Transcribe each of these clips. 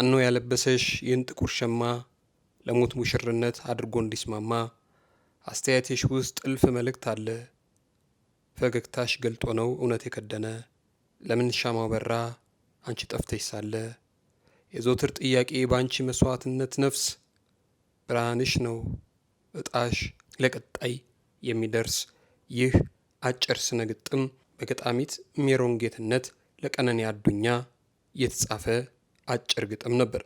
አኖ ያለበሰሽ ይህን ጥቁር ሸማ ለሞት ሙሽርነት አድርጎ እንዲስማማ አስተያየትሽ ውስጥ ጥልፍ መልእክት አለ። ፈገግታሽ ገልጦ ነው እውነት የከደነ ለምን ሻማው በራ አንቺ ጠፍተሽ ሳለ የዘወትር ጥያቄ በአንቺ መስዋዕትነት ነፍስ ብርሃንሽ ነው እጣሽ ለቀጣይ የሚደርስ ይህ አጭር ስነ ግጥም በገጣሚት ሜሮን ጌትነት ለቀነኒ አዱኛ የተጻፈ አጭር ግጥም ነበር።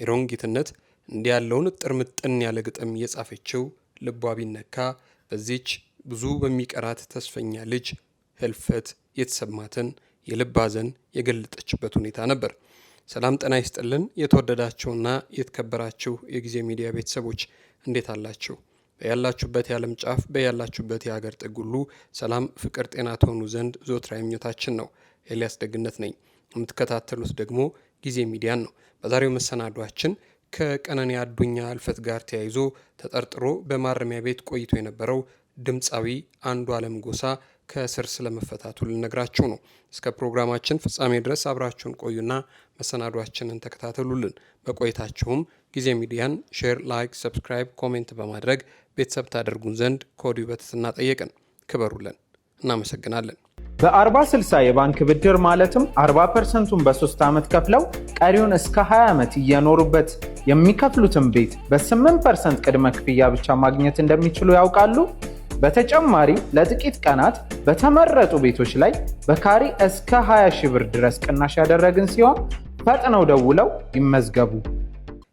ሜሮን ጌትነት እንዲህ ያለውን ጥርምጥን ያለ ግጥም የጻፈችው ልቧ ቢነካ በዚች ብዙ በሚቀራት ተስፈኛ ልጅ ህልፈት የተሰማትን የልብ ሐዘን የገለጠችበት ሁኔታ ነበር። ሰላም ጤና ይስጥልን። የተወደዳችሁና የተከበራችሁ የጊዜ ሚዲያ ቤተሰቦች እንዴት አላችሁ? በያላችሁበት የዓለም ጫፍ በያላችሁበት የሀገር ጥግ ሁሉ ሰላም፣ ፍቅር፣ ጤና ትሆኑ ዘንድ ዞትራ ምኞታችን ነው። ኤልያስ ደግነት ነኝ። የምትከታተሉት ደግሞ ጊዜ ሚዲያን ነው። በዛሬው መሰናዷችን ከቀነኒ አዱኛ እልፈት ጋር ተያይዞ ተጠርጥሮ በማረሚያ ቤት ቆይቶ የነበረው ድምፃዊ አንዱ አለም ጎሳ ከእስር ስለመፈታቱ ልነግራችሁ ነው። እስከ ፕሮግራማችን ፍጻሜ ድረስ አብራችሁን ቆዩና መሰናዷችንን ተከታተሉልን። በቆይታችሁም ጊዜ ሚዲያን ሼር፣ ላይክ፣ ሰብስክራይብ፣ ኮሜንት በማድረግ ቤተሰብ ታደርጉን ዘንድ ከወዲሁ በትህትና ጠየቅን። ክበሩልን። እናመሰግናለን። በ40/60 የባንክ ብድር ማለትም 40%ቱን በሶስት 3 ዓመት ከፍለው ቀሪውን እስከ 20 ዓመት እየኖሩበት የሚከፍሉትን ቤት በ8% ቅድመ ክፍያ ብቻ ማግኘት እንደሚችሉ ያውቃሉ? በተጨማሪም ለጥቂት ቀናት በተመረጡ ቤቶች ላይ በካሪ እስከ 20 ሺህ ብር ድረስ ቅናሽ ያደረግን ሲሆን ፈጥነው ደውለው ይመዝገቡ።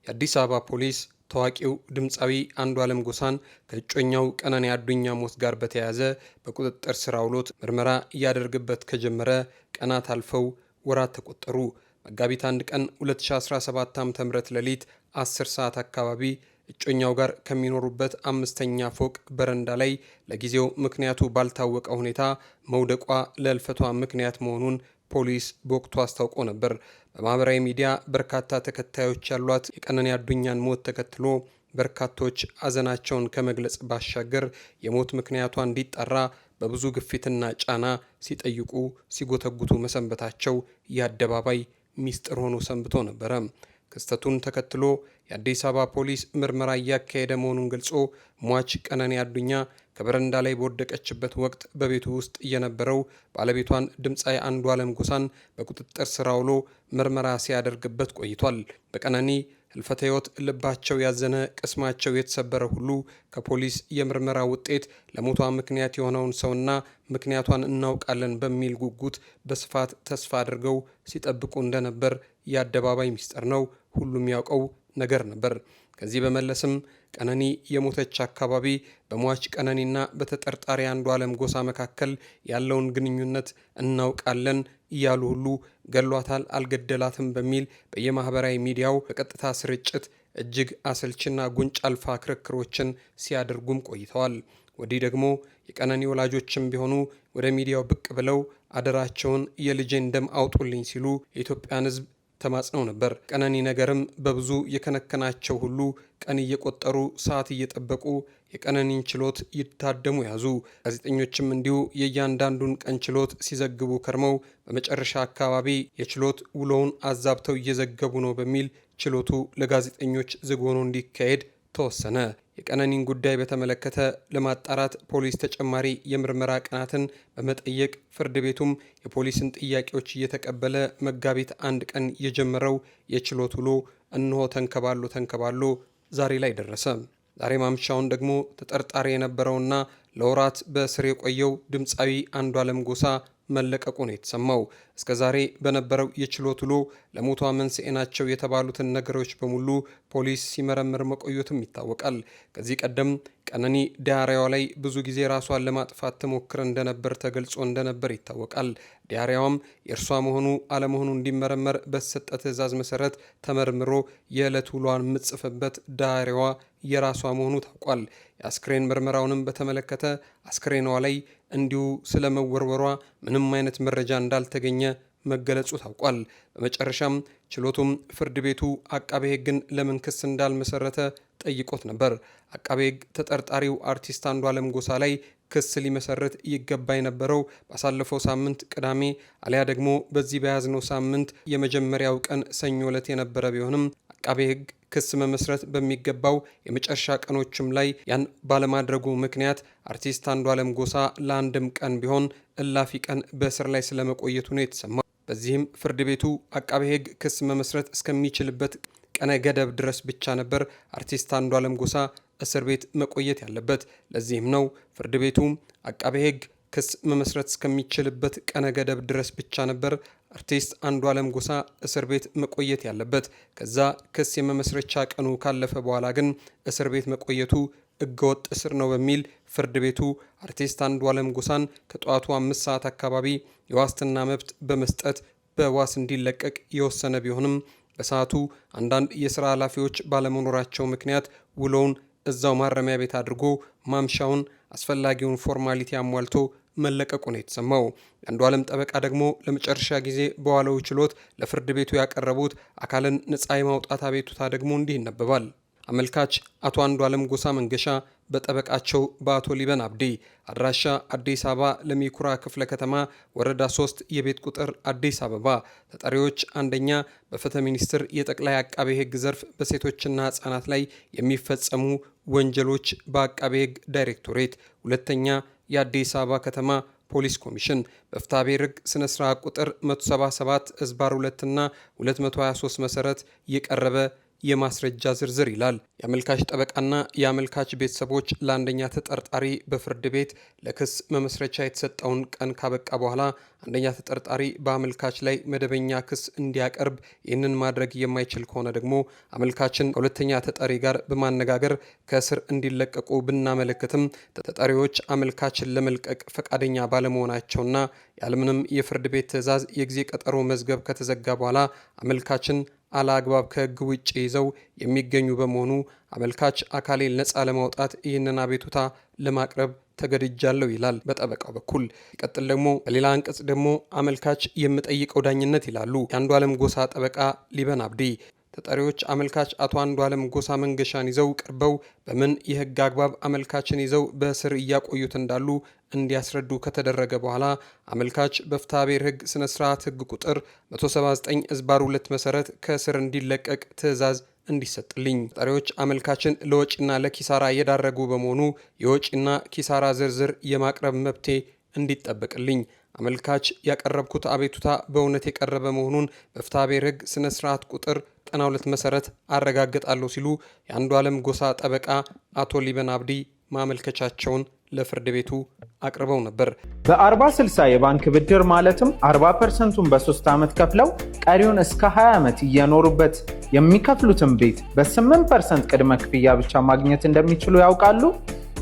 የአዲስ አበባ ፖሊስ ታዋቂው ድምፃዊ አንዱዓለም ጎሳን ከእጮኛው ቀነኒ አዱኛ ሞት ጋር በተያያዘ በቁጥጥር ስር አውሎት ምርመራ እያደረገበት ከጀመረ ቀናት አልፈው ወራት ተቆጠሩ። መጋቢት አንድ ቀን 2017 ዓ ም ሌሊት 10 ሰዓት አካባቢ እጮኛው ጋር ከሚኖሩበት አምስተኛ ፎቅ በረንዳ ላይ ለጊዜው ምክንያቱ ባልታወቀ ሁኔታ መውደቋ ለልፈቷ ምክንያት መሆኑን ፖሊስ በወቅቱ አስታውቆ ነበር። በማህበራዊ ሚዲያ በርካታ ተከታዮች ያሏት የቀነኒ አዱኛን ሞት ተከትሎ በርካቶች አዘናቸውን ከመግለጽ ባሻገር የሞት ምክንያቷ እንዲጠራ በብዙ ግፊትና ጫና ሲጠይቁ ሲጎተጉቱ መሰንበታቸው የአደባባይ ሚስጥር ሆኖ ሰንብቶ ነበረ። ክስተቱን ተከትሎ የአዲስ አበባ ፖሊስ ምርመራ እያካሄደ መሆኑን ገልጾ ሟች ቀነኒ አዱኛ ከበረንዳ ላይ በወደቀችበት ወቅት በቤቱ ውስጥ የነበረው ባለቤቷን ድምፃዊ አለም ጎሳን በቁጥጥር ስር አውሎ ምርመራ ሲያደርግበት ቆይቷል። በቀነኒ ህልፈተ ህይወት ልባቸው ያዘነ፣ ቅስማቸው የተሰበረ ሁሉ ከፖሊስ የምርመራ ውጤት ለሞቷ ምክንያት የሆነውን ሰውና ምክንያቷን እናውቃለን በሚል ጉጉት በስፋት ተስፋ አድርገው ሲጠብቁ እንደነበር የአደባባይ ሚስጥር ነው፣ ሁሉም ያውቀው ነገር ነበር። ከዚህ በመለስም ቀነኒ የሞተች አካባቢ በሟች ቀነኒና በተጠርጣሪ አንዱ ዓለም ጎሳ መካከል ያለውን ግንኙነት እናውቃለን እያሉ ሁሉ ገሏታል አልገደላትም በሚል በየማህበራዊ ሚዲያው በቀጥታ ስርጭት እጅግ አሰልችና ጉንጭ አልፋ ክርክሮችን ሲያደርጉም ቆይተዋል። ወዲህ ደግሞ የቀነኒ ወላጆችም ቢሆኑ ወደ ሚዲያው ብቅ ብለው አደራቸውን የልጄን ደም አውጡልኝ ሲሉ የኢትዮጵያን ሕዝብ ተማጽነው ነበር። ቀነኒ ነገርም በብዙ የከነከናቸው ሁሉ ቀን እየቆጠሩ ሰዓት እየጠበቁ የቀነኒን ችሎት ይታደሙ ያዙ። ጋዜጠኞችም እንዲሁ የእያንዳንዱን ቀን ችሎት ሲዘግቡ ከርመው በመጨረሻ አካባቢ የችሎት ውሎውን አዛብተው እየዘገቡ ነው በሚል ችሎቱ ለጋዜጠኞች ዝግ ሆኖ እንዲካሄድ ተወሰነ። የቀነኒን ጉዳይ በተመለከተ ለማጣራት ፖሊስ ተጨማሪ የምርመራ ቀናትን በመጠየቅ ፍርድ ቤቱም የፖሊስን ጥያቄዎች እየተቀበለ መጋቢት አንድ ቀን የጀመረው የችሎት ውሎ እንሆ ተንከባሎ ተንከባሎ ዛሬ ላይ ደረሰ። ዛሬ ማምሻውን ደግሞ ተጠርጣሪ የነበረውና ለወራት በእስር የቆየው ድምፃዊ አንዷለም ጎሳ መለቀቁ ነው የተሰማው። እስከ ዛሬ በነበረው የችሎት ውሎ ለሞቷ መንስኤ ናቸው የተባሉትን ነገሮች በሙሉ ፖሊስ ሲመረምር መቆየቱም ይታወቃል። ከዚህ ቀደም ቀነኒ ዲያሪያዋ ላይ ብዙ ጊዜ ራሷን ለማጥፋት ትሞክር እንደነበር ተገልጾ እንደነበር ይታወቃል። ዲያሪያዋም የእርሷ መሆኑ አለመሆኑ እንዲመረመር በተሰጠ ትዕዛዝ መሰረት ተመርምሮ የዕለት ውሏን የምጽፍበት ዳሪዋ የራሷ መሆኑ ታውቋል። የአስክሬን ምርመራውንም በተመለከተ አስክሬኗ ላይ እንዲሁ ስለ መወርወሯ ምንም አይነት መረጃ እንዳልተገኘ መገለጹ ታውቋል። በመጨረሻም ችሎቱም ፍርድ ቤቱ አቃቤ ሕግን ለምን ክስ እንዳልመሰረተ ጠይቆት ነበር። አቃቤ ሕግ ተጠርጣሪው አርቲስት አንዱ አለም ጎሳ ላይ ክስ ሊመሰረት ይገባ የነበረው ባሳለፈው ሳምንት ቅዳሜ አሊያ ደግሞ በዚህ በያዝነው ሳምንት የመጀመሪያው ቀን ሰኞ ዕለት የነበረ ቢሆንም አቃቤ ሕግ ክስ መመስረት በሚገባው የመጨረሻ ቀኖችም ላይ ያን ባለማድረጉ ምክንያት አርቲስት አንዷለም ጎሳ ለአንድም ቀን ቢሆን እላፊ ቀን በእስር ላይ ስለመቆየቱ ነው የተሰማው። በዚህም ፍርድ ቤቱ አቃቤ ሕግ ክስ መመስረት እስከሚችልበት ቀነ ገደብ ድረስ ብቻ ነበር አርቲስት አንዷለም ጎሳ እስር ቤት መቆየት ያለበት። ለዚህም ነው ፍርድ ቤቱ አቃቤ ሕግ ክስ መመስረት እስከሚችልበት ቀነ ገደብ ድረስ ብቻ ነበር አርቲስት አንዷለም ጎሳ እስር ቤት መቆየት ያለበት ከዛ ክስ የመመስረቻ ቀኑ ካለፈ በኋላ ግን እስር ቤት መቆየቱ እገወጥ እስር ነው በሚል ፍርድ ቤቱ አርቲስት አንዷለም ጎሳን ከጠዋቱ አምስት ሰዓት አካባቢ የዋስትና መብት በመስጠት በዋስ እንዲለቀቅ የወሰነ ቢሆንም በሰዓቱ አንዳንድ የስራ ኃላፊዎች ባለመኖራቸው ምክንያት ውሎውን እዛው ማረሚያ ቤት አድርጎ ማምሻውን አስፈላጊውን ፎርማሊቲ አሟልቶ መለቀቁ ነው የተሰማው። የአንዱ ዓለም ጠበቃ ደግሞ ለመጨረሻ ጊዜ በዋለው ችሎት ለፍርድ ቤቱ ያቀረቡት አካልን ነፃ የማውጣት አቤቱታ ደግሞ እንዲህ ይነበባል። አመልካች አቶ አንዱ ዓለም ጎሳ መንገሻ በጠበቃቸው በአቶ ሊበን አብዲ አድራሻ አዲስ አበባ ለሚኩራ ክፍለ ከተማ ወረዳ 3 የቤት ቁጥር አዲስ አበባ ተጠሪዎች አንደኛ በፍትህ ሚኒስቴር የጠቅላይ አቃቤ ሕግ ዘርፍ በሴቶችና ህጻናት ላይ የሚፈጸሙ ወንጀሎች በአቃቤ ሕግ ዳይሬክቶሬት፣ ሁለተኛ የአዲስ አበባ ከተማ ፖሊስ ኮሚሽን በፍትሐብሔር ሕግ ስነ ስርዓት ቁጥር 177 እዝባር 2 እና 223 መሰረት የቀረበ የማስረጃ ዝርዝር ይላል። የአመልካች ጠበቃና የአመልካች ቤተሰቦች ለአንደኛ ተጠርጣሪ በፍርድ ቤት ለክስ መመስረቻ የተሰጠውን ቀን ካበቃ በኋላ አንደኛ ተጠርጣሪ በአመልካች ላይ መደበኛ ክስ እንዲያቀርብ፣ ይህንን ማድረግ የማይችል ከሆነ ደግሞ አመልካችን ከሁለተኛ ተጠሪ ጋር በማነጋገር ከእስር እንዲለቀቁ ብናመለክትም ተጠሪዎች አመልካችን ለመልቀቅ ፈቃደኛ ባለመሆናቸውና ያለምንም የፍርድ ቤት ትዕዛዝ የጊዜ ቀጠሮ መዝገብ ከተዘጋ በኋላ አመልካችን አለአግባብ ከህግ ውጭ ይዘው የሚገኙ በመሆኑ አመልካች አካሌን ነፃ ለማውጣት ይህንን አቤቱታ ለማቅረብ ተገድጃለሁ ይላል በጠበቃው በኩል። ይቀጥል ደግሞ በሌላ አንቀጽ ደግሞ አመልካች የምጠይቀው ዳኝነት ይላሉ የአንዱ ዓለም ጎሳ ጠበቃ ሊበን አብዲ ተጠሪዎች አመልካች አቶ አንዱ አለም ጎሳ መንገሻን ይዘው ቀርበው በምን የህግ አግባብ አመልካችን ይዘው በእስር እያቆዩት እንዳሉ እንዲያስረዱ ከተደረገ በኋላ አመልካች በፍትሐ ብሔር ህግ ስነ ስርዓት ህግ ቁጥር 179 እዝባር 2 መሰረት ከእስር እንዲለቀቅ ትዕዛዝ እንዲሰጥልኝ ተጠሪዎች አመልካችን ለወጪና ለኪሳራ የዳረጉ በመሆኑ የወጪና ኪሳራ ዝርዝር የማቅረብ መብቴ እንዲጠበቅልኝ አመልካች ያቀረብኩት አቤቱታ በእውነት የቀረበ መሆኑን በፍትሐ ብሔር ስነስርዓት ስነ ስርዓት ቁጥር ቀና ሁለት መሰረት አረጋግጣለሁ ሲሉ የአንዱ ዓለም ጎሳ ጠበቃ አቶ ሊበን አብዲ ማመልከቻቸውን ለፍርድ ቤቱ አቅርበው ነበር። በ40/60 የባንክ ብድር ማለትም 40 ፐርሰንቱን በሶስት ዓመት ከፍለው ቀሪውን እስከ 20 ዓመት እየኖሩበት የሚከፍሉትን ቤት በ8 ፐርሰንት ቅድመ ክፍያ ብቻ ማግኘት እንደሚችሉ ያውቃሉ።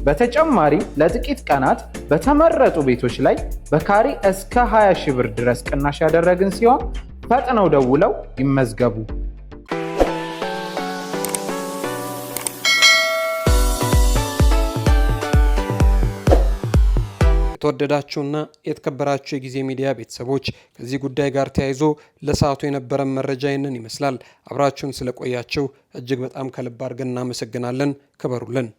በተጨማሪ ለጥቂት ቀናት በተመረጡ ቤቶች ላይ በካሪ እስከ 20 ሺህ ብር ድረስ ቅናሽ ያደረግን ሲሆን ፈጥነው ደውለው ይመዝገቡ። የተወደዳችሁና የተከበራችሁ የጊዜ ሚዲያ ቤተሰቦች ከዚህ ጉዳይ ጋር ተያይዞ ለሰዓቱ የነበረን መረጃ ይህንን ይመስላል። አብራችሁን ስለቆያችሁ እጅግ በጣም ከልብ አድርገን እናመሰግናለን። ክበሩልን።